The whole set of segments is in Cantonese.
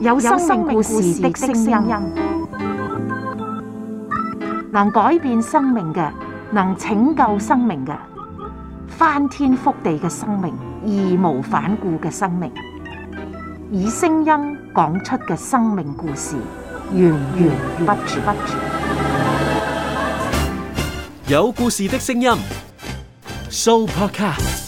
有生命故事的聲音，能改變生命嘅，能拯救生命嘅，翻天覆地嘅生命，義無反顧嘅生命，以聲音講出嘅生命故事，源源不絕。有故事的聲音，Soupercast。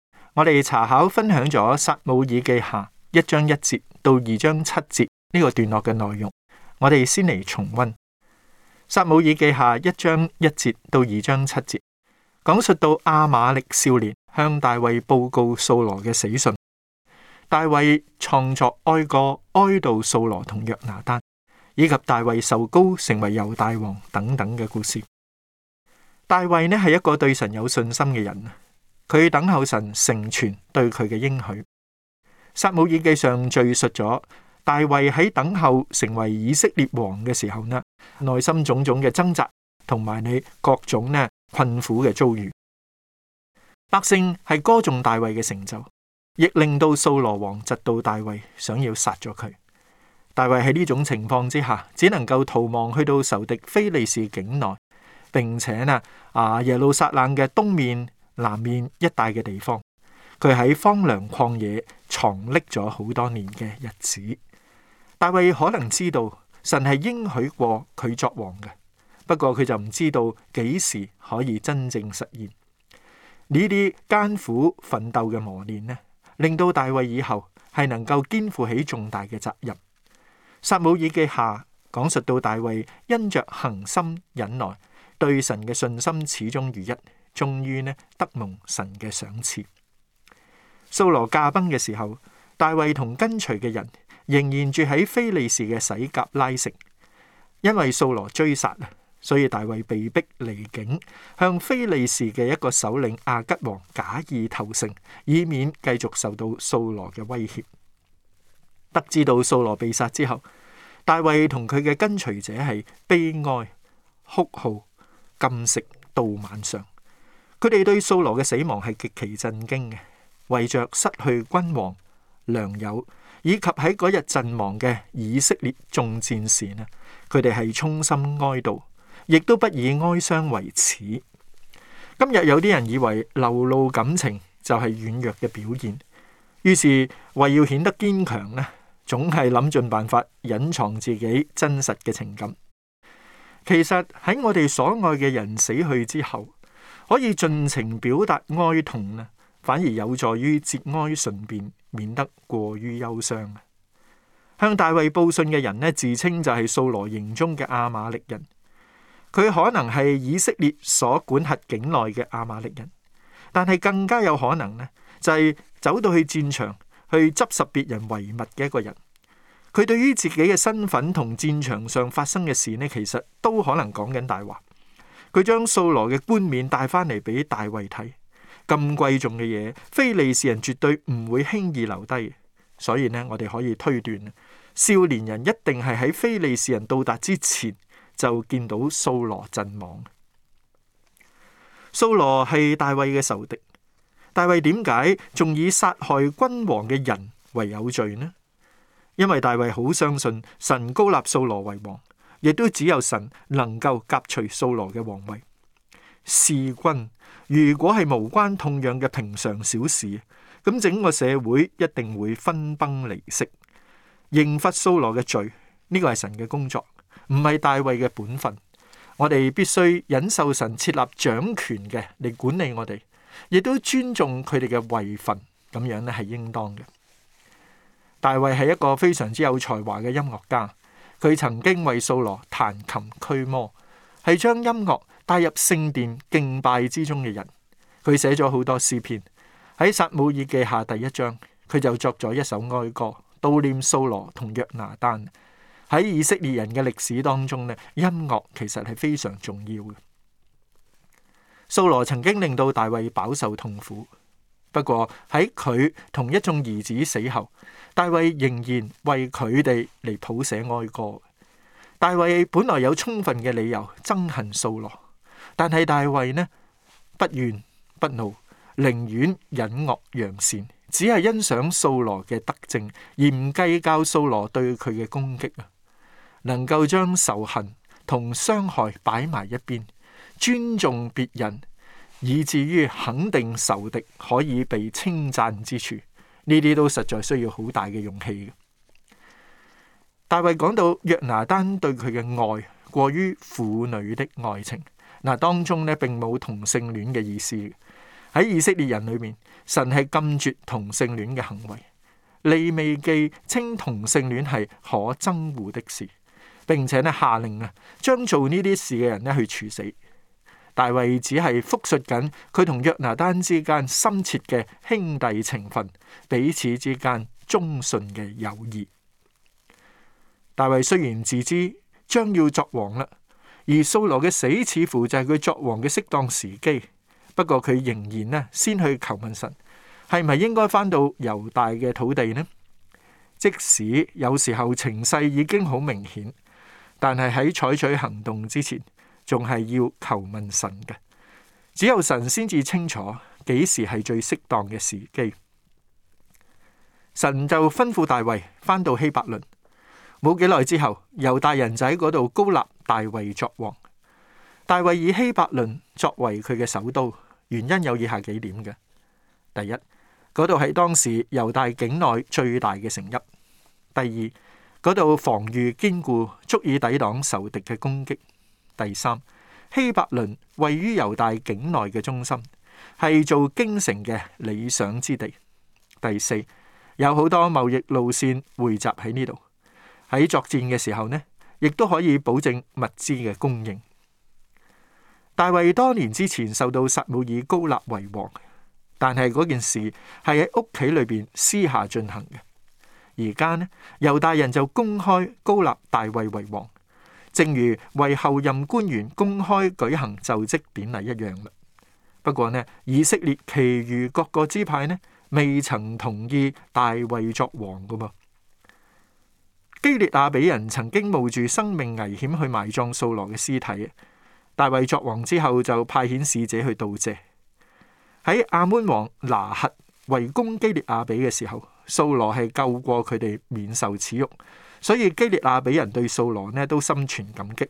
我哋查考分享咗《撒母耳記下》一章一節到二章七節呢個段落嘅內容，我哋先嚟重溫《撒母耳記下》一章一節到二章七節，講述到阿瑪力少年向大衛報告掃羅嘅死訊，大衛創作哀歌哀悼掃羅同約拿單，以及大衛受膏成為猶大王等等嘅故事。大衛呢係一個對神有信心嘅人。佢等候神成全對佢嘅應許。撒姆耳記上敘述咗大衛喺等候成為以色列王嘅時候呢，內心種種嘅掙扎同埋你各種呢困苦嘅遭遇。百姓係歌頌大衛嘅成就，亦令到掃羅王窒到大衛想要殺咗佢。大衛喺呢種情況之下，只能夠逃亡去到仇敵菲利士境內，並且呢啊耶路撒冷嘅東面，南面一帶嘅地方，佢喺荒涼曠野藏匿咗好多年嘅日子。大衛可能知道神係應許過佢作王嘅，不過佢就唔知道幾時可以真正實現。呢啲艱苦奮鬥嘅磨練呢，令到大衛以後係能夠肩負起重大嘅責任。撒母耳記下講述到大衛因着恆心忍耐，對神嘅信心始終如一。終於呢，得蒙神嘅賞賜。掃羅駕崩嘅時候，大衛同跟隨嘅人仍然住喺非利士嘅洗甲拉城，因為掃羅追殺，所以大衛被迫離境，向非利士嘅一個首領亞吉王假意投誠，以免繼續受到掃羅嘅威脅。得知到掃羅被殺之後，大衛同佢嘅跟隨者係悲哀哭號，禁食到晚上。佢哋對掃羅嘅死亡係極其震驚嘅，為着失去君王、良友以及喺嗰日陣亡嘅以色列眾戰士呢，佢哋係衷心哀悼，亦都不以哀傷為恥。今日有啲人以為流露感情就係軟弱嘅表現，於是為要顯得堅強呢，總係諗盡辦法隱藏自己真實嘅情感。其實喺我哋所愛嘅人死去之後，可以盡情表達哀痛呢，反而有助於節哀順變，免得過於憂傷。向大衛報信嘅人呢，自稱就係掃羅營中嘅亞瑪力人，佢可能係以色列所管轄境內嘅亞瑪力人，但係更加有可能呢，就係、是、走到去戰場去執拾別人遺物嘅一個人。佢對於自己嘅身份同戰場上發生嘅事呢，其實都可能講緊大話。佢將掃羅嘅冠冕帶翻嚟俾大衛睇，咁貴重嘅嘢，非利士人絕對唔會輕易留低。所以呢，我哋可以推斷，少年人一定係喺非利士人到達之前就見到掃羅陣亡。掃羅係大衛嘅仇敵，大衛點解仲以殺害君王嘅人為有罪呢？因為大衛好相信神膏立掃羅為王。亦都只有神能夠夾除蘇羅嘅皇位。弒君，如果係無關痛癢嘅平常小事，咁整個社會一定會分崩離析。刑罰蘇羅嘅罪，呢、這個係神嘅工作，唔係大衛嘅本分。我哋必須忍受神設立掌權嘅嚟管理我哋，亦都尊重佢哋嘅位份，咁樣呢係應當嘅。大衛係一個非常之有才華嘅音樂家。佢曾經為掃羅彈琴驅魔，係將音樂帶入聖殿敬拜之中嘅人。佢寫咗好多詩篇，喺撒母耳記下第一章，佢就作咗一首哀歌悼念掃羅同約拿單。喺以色列人嘅歷史當中咧，音樂其實係非常重要嘅。掃羅曾經令到大衛飽受痛苦，不過喺佢同一眾兒子死後。大衛仍然為佢哋嚟譜寫哀歌。大衛本來有充分嘅理由憎恨掃羅，但係大衛呢，不怨不怒，寧願隱惡揚善，只係欣賞掃羅嘅德政，而唔計較掃羅對佢嘅攻擊啊！能夠將仇恨同傷害擺埋一邊，尊重別人，以至於肯定仇敵可以被稱讚之處。呢啲都實在需要好大嘅勇氣嘅。大衛講到約拿單對佢嘅愛過於婦女的愛情嗱，當中咧並冇同性戀嘅意思。喺以色列人裏面，神係禁絕同性戀嘅行為。利未記稱同性戀係可憎惡的事，並且咧下令啊，將做呢啲事嘅人咧去處死。大衛只係複述緊佢同約拿單之間深切嘅兄弟情分，彼此之間忠信嘅友誼。大衛雖然自知將要作王啦，而掃羅嘅死似乎就係佢作王嘅適當時機。不過佢仍然呢，先去求問神，係咪應該翻到猶大嘅土地呢？即使有時候情勢已經好明顯，但係喺採取行動之前。仲係要求問神嘅，只有神先至清楚幾時係最適當嘅時機。神就吩咐大衛返到希伯倫。冇幾耐之後，猶大人就喺嗰度高立大衛作王。大衛以希伯倫作為佢嘅首都，原因有以下幾點嘅：第一，嗰度係當時猶大境內最大嘅城邑；第二，嗰度防禦堅固，足以抵擋仇敵嘅攻擊。第三，希伯倫位於猶大境內嘅中心，係做京城嘅理想之地。第四，有好多貿易路線匯集喺呢度，喺作戰嘅時候呢，亦都可以保證物資嘅供應。大衛多年之前受到撒母耳高立為王，但係嗰件事係喺屋企裏邊私下進行嘅。而家呢，猶大人就公開高立大衛為王。正如為後任官員公開舉行就職典禮一樣啦。不過呢，以色列其餘各個支派呢，未曾同意大衛作王噶噃。基列亞比人曾經冒住生命危險去埋葬掃羅嘅屍體。大衛作王之後就派遣使者去道謝。喺亞捫王拿轄圍攻基列亞比嘅時候。掃羅係救過佢哋免受恥辱，所以基列亞比人對掃羅呢都心存感激。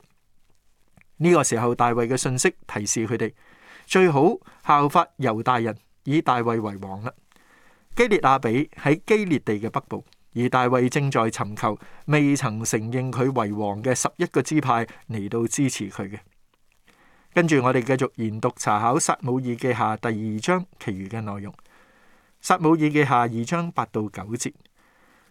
呢、這個時候，大衛嘅信息提示佢哋最好效法猶大人，以大衛為王啦。基列亞比喺基列地嘅北部，而大衛正在尋求未曾承認佢為王嘅十一個支派嚟到支持佢嘅。跟住我哋繼續研讀查考撒母耳記下第二章其餘嘅內容。撒母耳嘅下二章八到九節。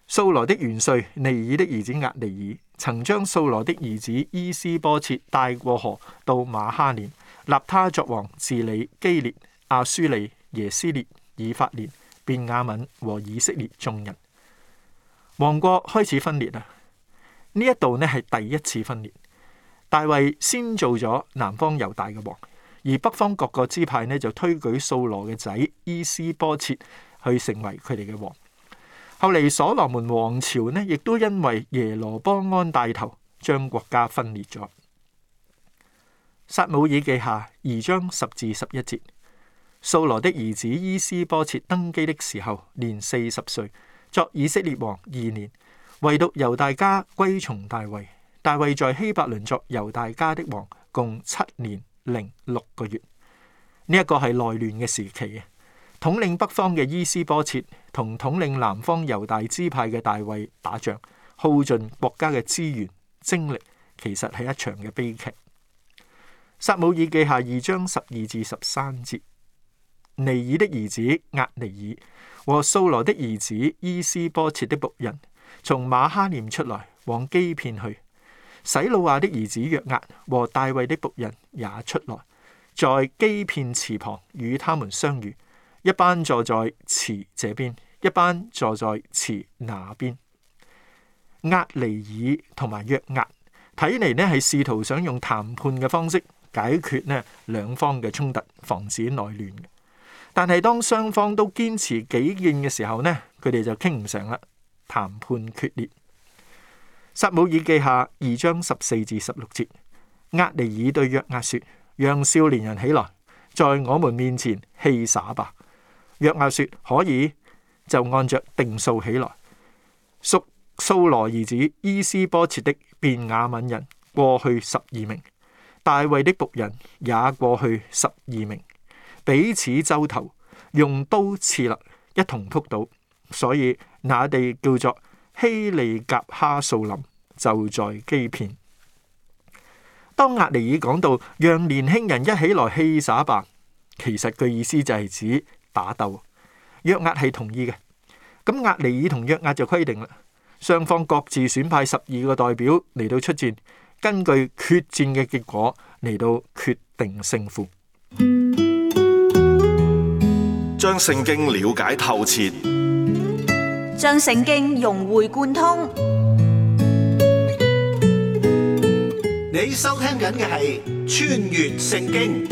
掃羅的元帥尼耳的兒子押尼爾曾將掃羅的兒子伊施波設帶過河到馬哈念，立他作王治理基列、亞書利、耶斯列、以法蓮、便雅憫和以色列眾人。王國開始分裂啊，呢一度呢係第一次分裂，大衛先做咗南方猶大嘅王。而北方各個支派呢，就推舉掃羅嘅仔伊斯波切去成為佢哋嘅王。後嚟，所羅門王朝呢，亦都因為耶羅波安帶頭將國家分裂咗。撒母耳記下二章十至十一節，掃羅的兒子伊斯波切登基的時候，年四十歲，作以色列王二年。唯獨猶大家歸從大衛，大衛在希伯倫作猶大家的王，共七年。零六個月，呢一個係內亂嘅時期嘅，統領北方嘅伊斯波切同統領南方猶大支派嘅大衛打仗，耗盡國家嘅資源精力，其實係一場嘅悲劇。撒母耳記下二章十二至十三節，尼耳的兒子押尼耳和掃羅的兒子伊斯波切的僕人，從瑪哈念出來往基遍去。洗魯亞的兒子約押和大衛的僕人也出來，在基片池旁與他們相遇。一班坐在池這邊，一班坐在池那邊。押尼爾同埋約押，睇嚟呢係試圖想用談判嘅方式解決呢兩方嘅衝突，防止內亂。但係當雙方都堅持己見嘅時候呢，佢哋就傾唔成啦，談判決裂。撒母耳記下二章十四至十六節，押尼爾對約押說：讓少年人起來，在我們面前戲耍吧。約押說可以，就按着定數起來。屬蘇羅兒子伊斯波切的便雅憫人過去十二名，大衛的僕人也過去十二名，彼此周頭用刀刺肋，一同僕倒，所以那地叫做。希利甲哈素林就在基遍。當押尼珥講到讓年輕人一起來戲耍吧，其實佢意思就係指打鬥。約押係同意嘅，咁押尼珥同約押就規定啦，雙方各自選派十二個代表嚟到出戰，根據決戰嘅結果嚟到決定勝負。將聖經了解透徹。將聖經融會貫通。你收聽緊嘅係《穿越聖經》。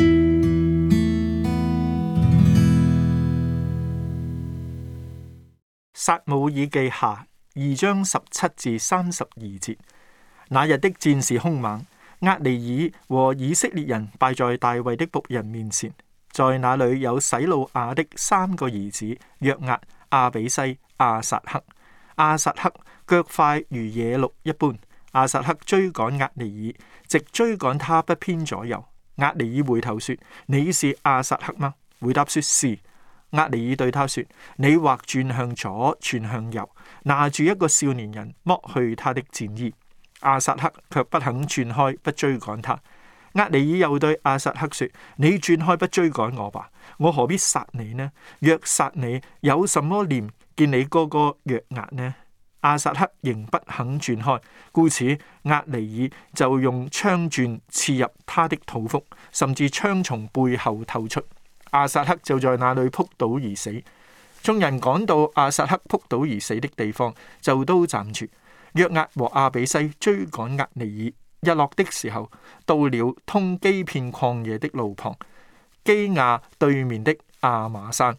撒母耳記下二章十七至三十二節，那日的戰事凶猛，押尼珥和以色列人敗在大衛的僕人面前，在那裏有洗魯雅的三個兒子約押。阿比西，阿撒克，阿撒克腳快如野鹿一般。阿撒克追趕厄尼爾，直追趕他不偏左右。厄尼爾回頭說：你是阿撒克嗎？回答說是。厄尼爾對他說：你或轉向左，轉向右，拿住一個少年人剝去他的戰衣。阿撒克卻不肯轉開，不追趕他。厄尼爾又對阿撒克說：你轉開不追趕我吧。我何必殺你呢？若殺你，有什麼臉見你哥哥約押呢？亞撒黑仍不肯轉開，故此押尼珥就用槍鐏刺入他的肚腹，甚至槍從背後透出。亞撒黑就在那裏仆倒而死。眾人趕到亞撒黑仆倒而死的地方，就都站住。約押和亞比篩追趕押尼珥。日落的時候，到了通基遍曠野的路旁。基亞對面的亞瑪山，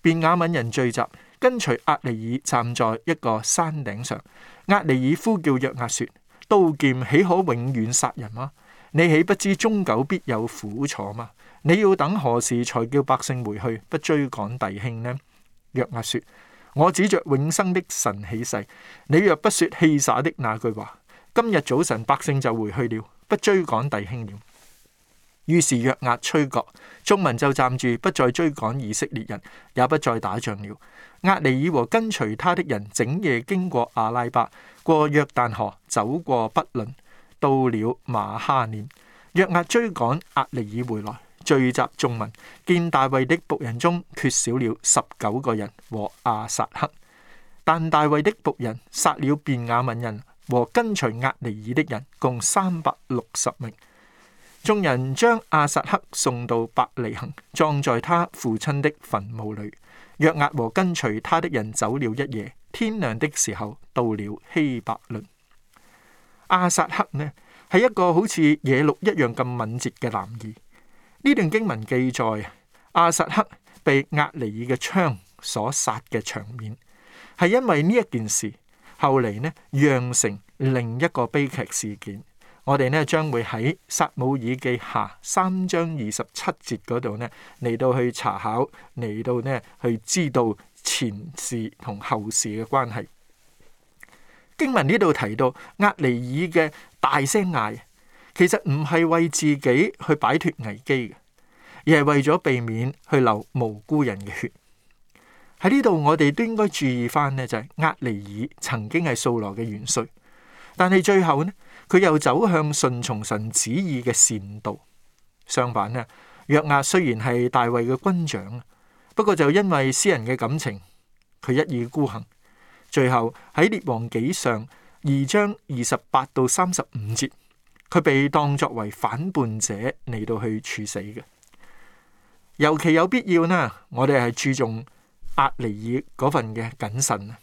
便雅憫人聚集，跟隨亞尼爾站在一個山頂上。亞尼爾呼叫約押說：刀劍豈可永遠殺人嗎？你豈不知終久必有苦楚嗎？你要等何時才叫百姓回去，不追趕弟兄呢？約押說：我指着永生的神起誓，你若不說棄撒的那句話，今日早晨百姓就回去了，不追趕弟兄了。於是約押吹角，眾民就站住，不再追趕以色列人，也不再打仗了。押尼珥和跟隨他的人整夜經過亞拉巴，過約旦河走過北倫，到了瑪哈念。約押追趕押尼珥回來，聚集眾民，見大衛的僕人中缺少了十九個人和亞撒黑。但大衛的僕人殺了便雅憫人和跟隨押尼珥的人共三百六十名。眾人將亞撒黑送到伯利恆，葬在他父親的墳墓裏。約押和跟隨他的人走了一夜，天亮的時候到了希伯倫。亞撒黑呢，係一個好似野鹿一樣咁敏捷嘅男兒。呢段經文記載，亞撒黑被押尼爾嘅槍所殺嘅場面，係因為呢一件事，後嚟呢釀成另一個悲劇事件。我哋咧將會喺撒母耳記下三章二十七節嗰度咧嚟到去查考，嚟到咧去知道前事同後事嘅關係。經文呢度提到押尼珥嘅大聲嗌，其實唔係為自己去擺脫危機嘅，而係為咗避免去流無辜人嘅血。喺呢度我哋都應該注意翻咧，就係、是、押尼珥曾經係掃羅嘅元帥，但係最後咧。佢又走向順從神旨意嘅善道，相反呢？約押雖然係大衛嘅軍長，不過就因為私人嘅感情，佢一意孤行，最後喺列王紀上二章二十八到三十五節，佢被當作為反叛者嚟到去處死嘅。尤其有必要呢？我哋係注重厄尼爾嗰份嘅謹慎啊！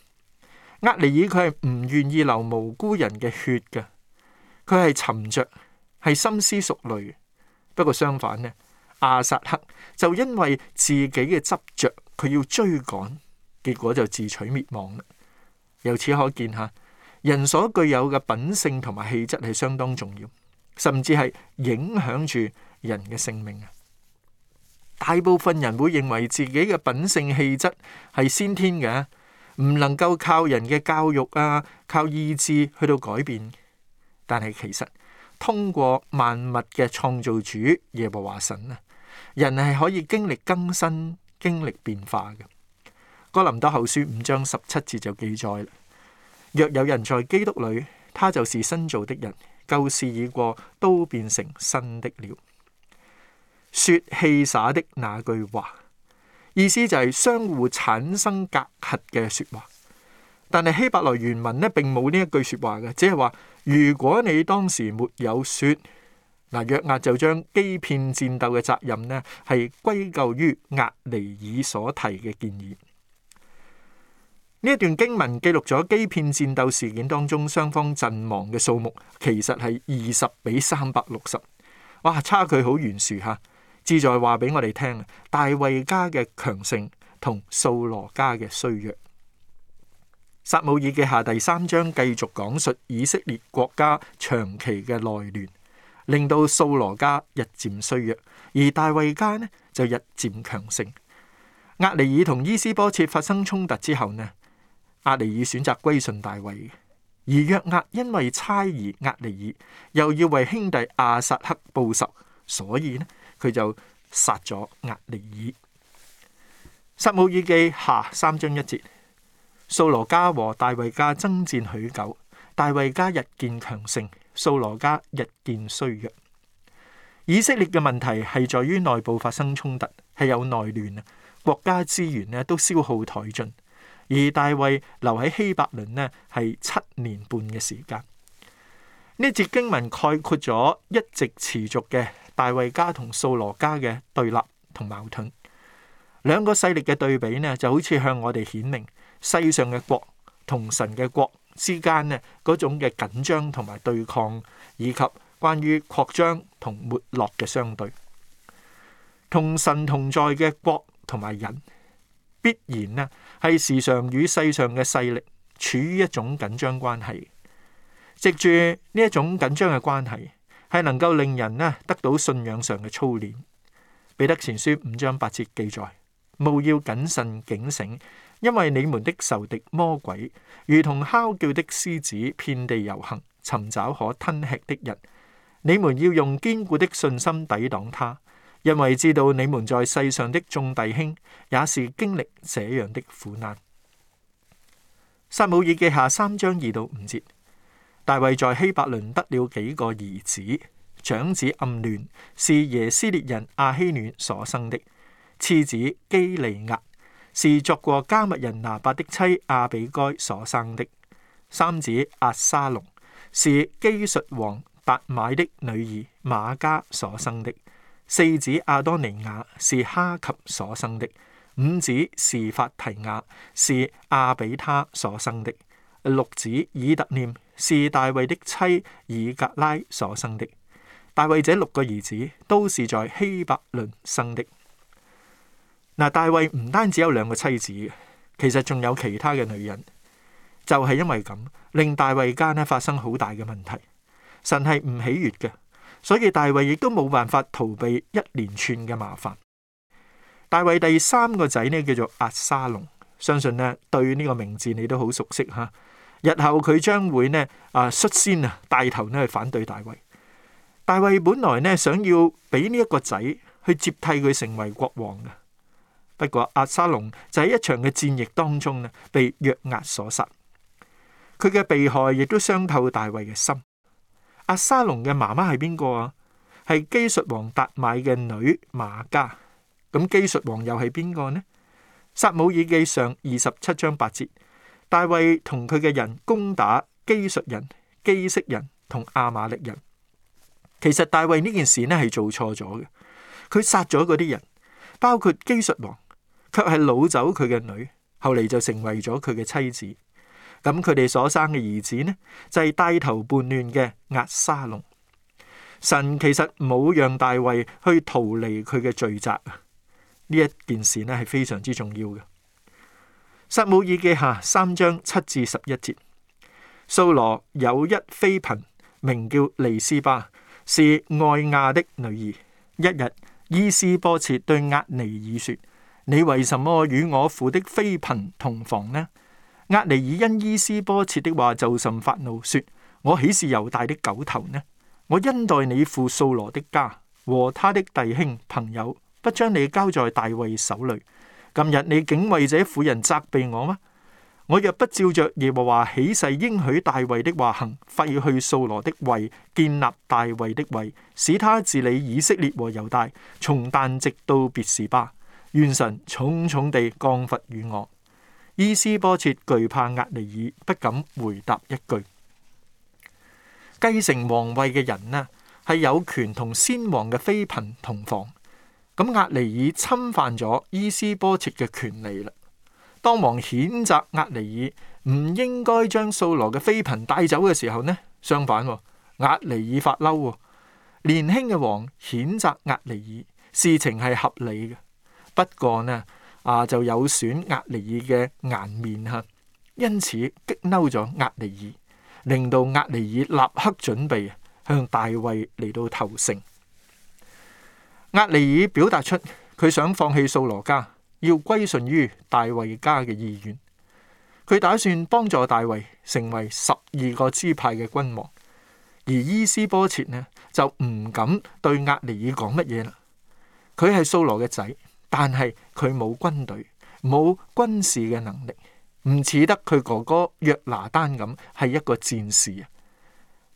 厄尼爾佢係唔願意流無辜人嘅血㗎。佢係沉着，係深思熟慮。不過相反呢，阿薩克就因為自己嘅執着，佢要追趕，結果就自取滅亡。由此可見吓，人所具有嘅品性同埋氣質係相當重要，甚至係影響住人嘅性命啊！大部分人會認為自己嘅品性、氣質係先天嘅，唔能夠靠人嘅教育啊，靠意志去到改變。但係其實通過萬物嘅創造主耶和華神呢，人係可以經歷更新、經歷變化嘅。哥林多後書五章十七節就記載啦，若有人在基督裏，他就是新造的人，舊事已過，都變成新的了。說氣傻的那句話，意思就係相互產生隔閡嘅說話。但係希伯來原文咧，並冇呢一句說話嘅，只係話如果你當時沒有說嗱，約押就將基遍戰鬥嘅責任呢，係歸咎於押尼珥所提嘅建議。呢一段經文記錄咗基遍戰鬥事件當中雙方陣亡嘅數目，其實係二十比三百六十，哇，差距好懸殊吓。志在話俾我哋聽，大衛家嘅強盛同掃羅家嘅衰弱。撒母耳記下第三章繼續講述以色列國家長期嘅內亂，令到掃羅家日漸衰弱，而大衛家呢就日漸強盛。押尼珥同伊施波設發生衝突之後呢，押尼珥選擇歸順大衛，而約押因為猜疑押尼珥，又要為兄弟亞撒黑報仇，所以呢佢就殺咗押尼珥。撒母耳記下三章一節。掃羅家和大衛家爭戰許久，大衛家日漸強盛，掃羅家日漸衰弱。以色列嘅問題係在於內部發生衝突，係有內亂啊，國家資源呢都消耗殆盡。而大衛留喺希伯倫呢係七年半嘅時間。呢節經文概括咗一直持續嘅大衛家同掃羅家嘅對立同矛盾。兩個勢力嘅對比呢就好似向我哋顯明，世上嘅國同神嘅國之間呢，嗰種嘅緊張同埋對抗，以及關於擴張同沒落嘅相對，同神同在嘅國同埋人，必然呢係時常與世上嘅勢力處於一種緊張關係。藉住呢一種緊張嘅關係，係能夠令人咧得到信仰上嘅操練。彼得前書五章八節記載：「務要謹慎警醒。因為你們的仇敵魔鬼如同哮叫的獅子，遍地遊行，尋找可吞吃的人。你們要用堅固的信心抵擋他，因為知道你們在世上的眾弟兄也是經歷這樣的苦難。撒母耳記下三章二到五節：大衛在希伯倫得了幾個兒子，長子暗戀是耶斯列人阿希暖所生的，次子基利押。是作過加密人拿伯的妻亞比該所生的，三子亞沙龍，是基述王達買的女兒瑪加所生的，四子亞多尼亞是哈及所生的，五子是法提亞是亞比他所生的，六子以特念是大衛的妻以格拉所生的，大衛這六個兒子都是在希伯崙生的。嗱、啊，大衛唔單止有兩個妻子，其實仲有其他嘅女人，就係、是、因為咁令大衛間咧發生好大嘅問題。神係唔喜悅嘅，所以大衛亦都冇辦法逃避一連串嘅麻煩。大衛第三個仔咧叫做阿沙龍，相信咧對呢個名字你都好熟悉吓。日後佢將會咧啊率先啊帶頭咧去反對大衛。大衛本來咧想要俾呢一個仔去接替佢成為國王嘅。不過阿沙龍就喺一場嘅戰役當中呢，被約押所殺。佢嘅被害亦都傷透大衛嘅心。阿沙龍嘅媽媽係邊個啊？係基述王達買嘅女瑪加。咁基述王又係邊個呢？撒母耳記上二十七章八節，大衛同佢嘅人攻打基述人、基色人同阿瑪力人。其實大衛呢件事呢係做錯咗嘅，佢殺咗嗰啲人，包括基述王。卻係擄走佢嘅女，後嚟就成為咗佢嘅妻子。咁佢哋所生嘅兒子呢，就係、是、帶頭叛亂嘅押沙龍。神其實冇讓大衛去逃離佢嘅罪責，呢一件事呢係非常之重要嘅。撒母耳記下三章七至十一節：掃羅有一妃嬪名叫尼斯巴，是愛亞的女兒。一日，伊斯波切對押尼爾說。你為什麼與我父的妃嬪同房呢？押尼珥因伊施波設的話就甚發怒說，說我豈是猶大的狗頭呢？我恩待你父掃羅的家和他的弟兄朋友，不將你交在大衛手裏。今日你竟為這婦人責備我嗎？我若不照着耶和華起誓應許大衛的話行，廢去掃羅的位，建立大衛的位，使他治理以色列和猶大，從但直到別是巴。願神重重地降罰與我，伊斯波切懼怕押尼珥，不敢回答一句。繼承王位嘅人呢，係有權同先王嘅妃嬪同房。咁押尼珥侵犯咗伊斯波切嘅權利啦。當王譴責押尼珥唔應該將掃羅嘅妃嬪帶走嘅時候呢，相反，押尼珥發嬲。年輕嘅王譴責押尼珥，事情係合理嘅。不過呢，啊就有損押尼珥嘅顏面吓，因此激嬲咗押尼珥，令到押尼珥立刻準備向大衛嚟到投誠押尼珥表達出佢想放棄掃羅家，要歸順於大衛家嘅意願。佢打算幫助大衛成為十二個支派嘅君王，而伊斯波切呢就唔敢對押尼珥講乜嘢啦。佢係掃羅嘅仔。但係佢冇軍隊，冇軍事嘅能力，唔似得佢哥哥約拿單咁係一個戰士啊。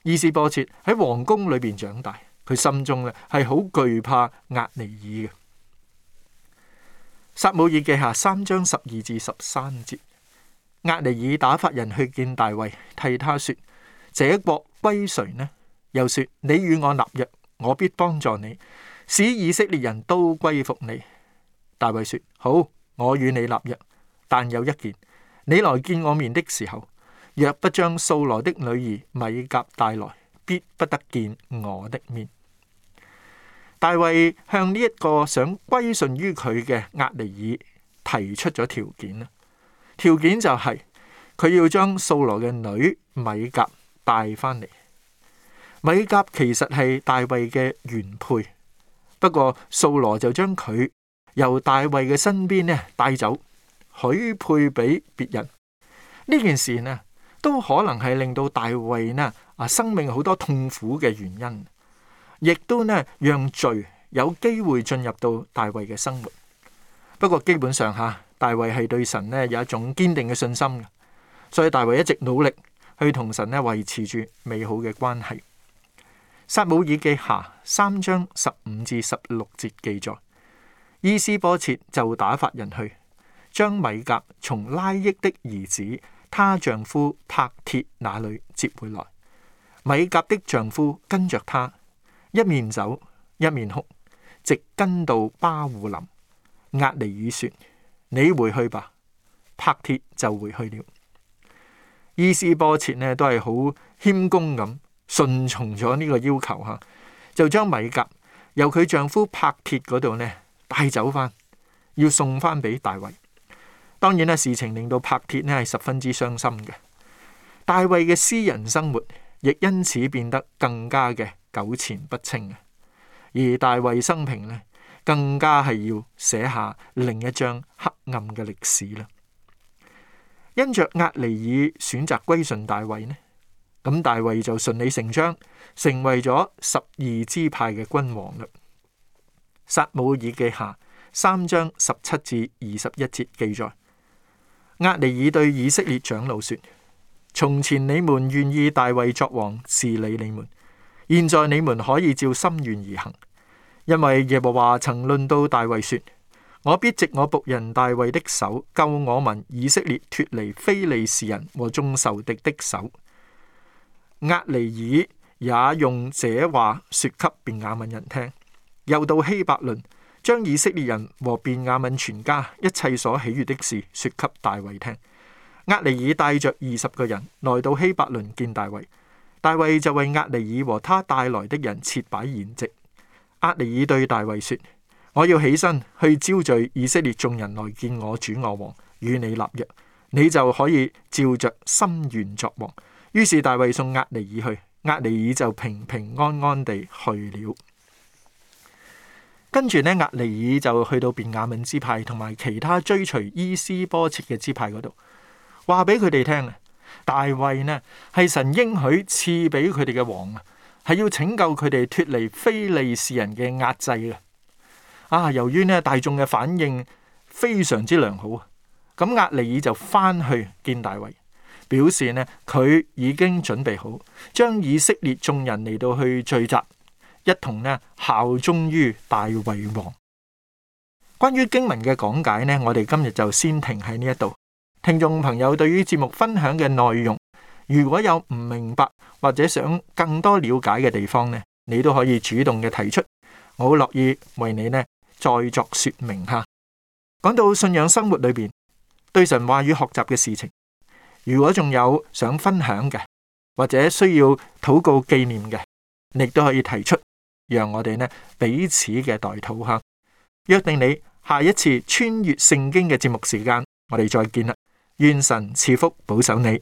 伊斯波切喺皇宮裏邊長大，佢心中呢係好懼怕押尼爾嘅。撒母耳記下三章十二至十三節，押尼爾打發人去見大衛，替他說：這國歸誰呢？又說：你與我立約，我必幫助你，使以色列人都歸服你。大衛說：好，我與你立約，但有一件，你來見我面的時候，若不將掃羅的女兒米甲帶來，必不得見我的面。大衛向呢一個想歸順於佢嘅押尼爾提出咗條件啦，條件就係、是、佢要將掃羅嘅女兒米甲帶翻嚟。米甲其實係大衛嘅原配，不過掃羅就將佢。由大衛嘅身邊呢帶走，許配俾別人呢件事呢，都可能係令到大衛呢啊生命好多痛苦嘅原因，亦都呢讓罪有機會進入到大衛嘅生活。不過基本上吓、啊，大衛係對神呢有一種堅定嘅信心，所以大衛一直努力去同神呢維持住美好嘅關係。撒母耳記下三章十五至十六節記載。伊斯波切就打發人去將米甲從拉益的兒子他丈夫拍鐵那裏接回來。米甲的丈夫跟着他一面走一面哭，直跟到巴戶林。押尼珥說：你回去吧。拍鐵就回去了。伊斯波切呢都係好謙恭咁，順從咗呢個要求吓，就將米甲由佢丈夫拍鐵嗰度呢。帶走翻，要送翻俾大衛。當然啦，事情令到拍鐵呢係十分之傷心嘅。大衛嘅私人生活亦因此變得更加嘅糾纏不清，而大衛生平呢更加係要寫下另一章黑暗嘅歷史啦。因着押尼爾選擇歸順大衛呢，咁大衛就順理成章成為咗十二支派嘅君王啦。撒母耳記下三章十七至二十一節記載，押尼珥對以色列長老說：從前你們願意大衛作王，治理你們；現在你們可以照心願而行，因為耶和華曾論到大衛說：我必藉我僕人大衛的手，救我民以色列脫離非利士人和眾仇敵的手。押尼珥也用這話說給便雅憫人聽。又到希伯倫，將以色列人和便雅憫全家一切所喜悅的事說給大衛聽。押尼珥帶着二十個人來到希伯倫見大衛，大衛就為押尼珥和他帶來的人設擺筵席。押尼珥對大衛說：我要起身去招聚以色列眾人來見我主我王，與你立約，你就可以照着心願作王。於是大衛送押尼珥去，押尼珥就平平安安地去了。跟住咧，押尼珥就去到便雅憫支派同埋其他追隨伊施波設嘅支派嗰度，話俾佢哋聽啊，大衛呢係神應許賜俾佢哋嘅王啊，係要拯救佢哋脫離非利士人嘅壓制啊！啊，由於呢大眾嘅反應非常之良好啊，咁押尼珥就翻去見大衛，表示呢佢已經準備好將以色列眾人嚟到去聚集。一同呢效忠於大衛王。關於經文嘅講解呢，我哋今日就先停喺呢一度。聽眾朋友對於節目分享嘅內容，如果有唔明白或者想更多了解嘅地方呢，你都可以主動嘅提出，我好樂意為你呢再作說明吓。講到信仰生活裏邊對神話語學習嘅事情，如果仲有想分享嘅或者需要禱告紀念嘅，你都可以提出。讓我哋呢彼此嘅代禱哈，約定你下一次穿越聖經嘅節目時間，我哋再見啦，願神賜福保守你。